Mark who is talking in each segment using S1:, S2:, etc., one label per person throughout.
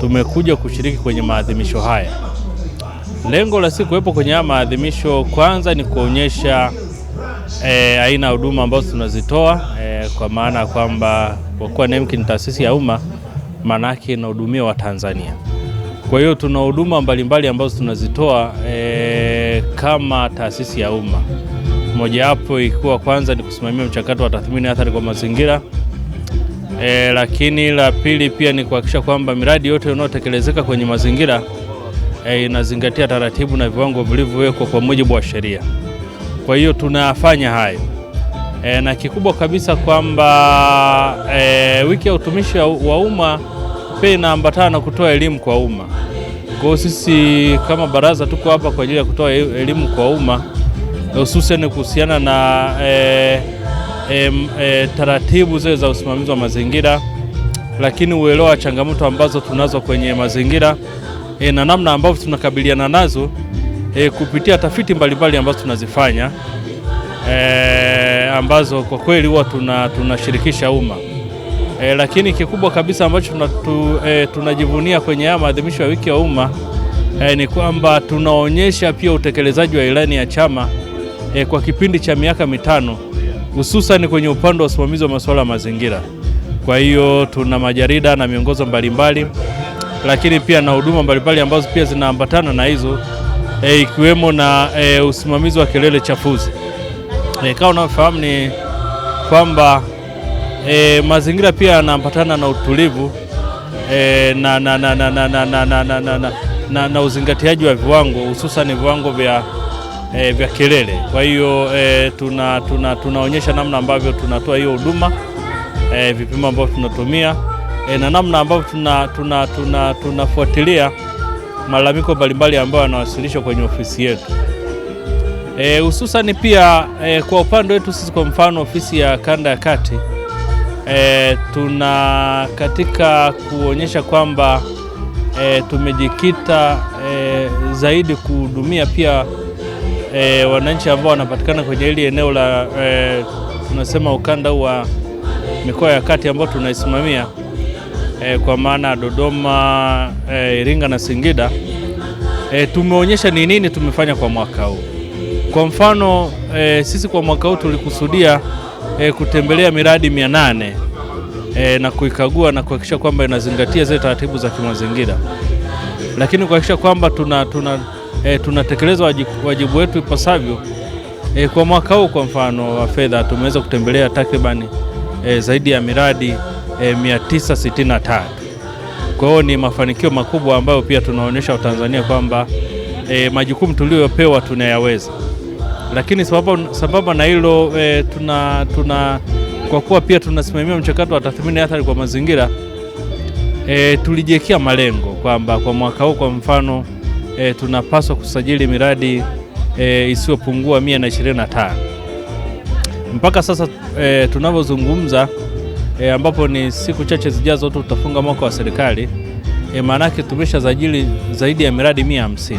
S1: Tumekuja kushiriki kwenye maadhimisho haya. Lengo la siku kuwepo kwenye haya maadhimisho, kwanza ni kuonyesha e, aina ya huduma ambazo tunazitoa e, kwa maana ya kwamba kwa kuwa NEMC ni taasisi ya umma, maanake inahudumia Watanzania. Kwa hiyo tuna huduma mbalimbali ambazo tunazitoa e, kama taasisi ya umma, mojawapo ikiwa kwanza ni kusimamia mchakato wa tathmini athari kwa mazingira e, lakini la pili pia ni kuhakikisha kwamba miradi yote inayotekelezeka kwenye mazingira e, inazingatia taratibu na viwango vilivyowekwa kwa mujibu wa sheria. Kwa hiyo tunayafanya hayo e, na kikubwa kabisa kwamba e, wiki ya utumishi wa umma pia inaambatana na kutoa elimu kwa umma. Kwa sisi kama baraza tuko hapa kwa ajili ya kutoa elimu kwa umma hususan kuhusiana na e, e, e, taratibu zile za usimamizi wa mazingira, lakini uelewa wa changamoto ambazo tunazo kwenye mazingira e, na namna ambavyo tunakabiliana nazo e, kupitia tafiti mbalimbali ambazo tunazifanya e, ambazo kwa kweli huwa tunashirikisha umma e, lakini kikubwa kabisa ambacho tunatu, e, tunajivunia kwenye haya maadhimisho ya wiki ya umma e, ni kwamba tunaonyesha pia utekelezaji wa ilani ya chama e, kwa kipindi cha miaka mitano hususan kwenye upande wa usimamizi wa masuala ya mazingira. Kwa hiyo tuna majarida na miongozo mbalimbali, lakini pia na huduma mbalimbali ambazo pia zinaambatana na hizo e, ikiwemo na e, usimamizi wa kelele chafuzi. E, kama unafahamu ni kwamba e, mazingira pia yanaambatana na utulivu e, na, na, na, na, na, na, na, na, na, na, na uzingatiaji wa viwango hususan viwango vya e, vya kelele. Kwa hiyo e, tuna, tuna, tunaonyesha namna ambavyo tunatoa hiyo huduma e, vipimo ambavyo tunatumia e, na namna ambavyo tunafuatilia tuna, tuna, tuna malalamiko mbalimbali ambayo yanawasilishwa kwenye ofisi yetu hususani e, pia e, kwa upande wetu sisi, kwa mfano ofisi ya kanda ya kati e, tuna katika kuonyesha kwamba e, tumejikita e, zaidi kuhudumia pia e, wananchi ambao wanapatikana kwenye hili eneo la e, tunasema ukanda wa mikoa ya kati ambao tunaisimamia e, kwa maana Dodoma, e, Iringa na Singida e, tumeonyesha ni nini tumefanya kwa mwaka huu. Kwa mfano e, sisi kwa mwaka huu tulikusudia e, kutembelea miradi mia nane e, na kuikagua na kuhakikisha kwamba inazingatia zile taratibu za kimazingira, lakini kuhakikisha kwamba tuna, tuna e, tunatekeleza wajibu, wajibu wetu ipasavyo. E, kwa mwaka huu kwa mfano wa fedha tumeweza kutembelea takribani e, zaidi ya miradi e, 963. Kwa hiyo ni mafanikio makubwa ambayo pia tunaonyesha Watanzania kwamba e, majukumu tuliyopewa tunayaweza, lakini sababu na hilo e, tuna, tuna kwa kuwa pia tunasimamia mchakato wa tathmini athari kwa mazingira e, tulijiwekea malengo kwamba kwa mwaka huu kwa mfano e, tunapaswa kusajili miradi e, isiyopungua 125 mpaka sasa e, tunavyozungumza e, ambapo ni siku chache zijazo tu tutafunga mwaka wa serikali e, maanake tumeshasajili zaidi ya miradi 150.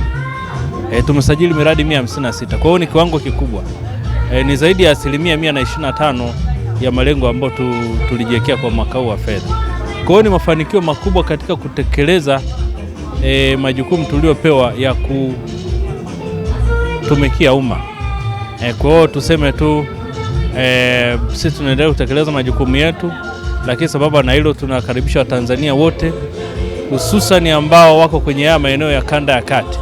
S1: E, tumesajili miradi 156. Kwa hiyo ni kiwango kikubwa e, ni zaidi ya asilimia 125 ya malengo ambayo tu, tulijiwekea kwa mwaka huu wa fedha. Kwa hiyo ni mafanikio makubwa katika kutekeleza e, majukumu tuliopewa ya kutumikia umma e, kwa hiyo tuseme tu e, sisi tunaendelea kutekeleza majukumu yetu, lakini sababu na hilo tunakaribisha Watanzania wote hususani ambao wako kwenye haya maeneo ya kanda ya kati.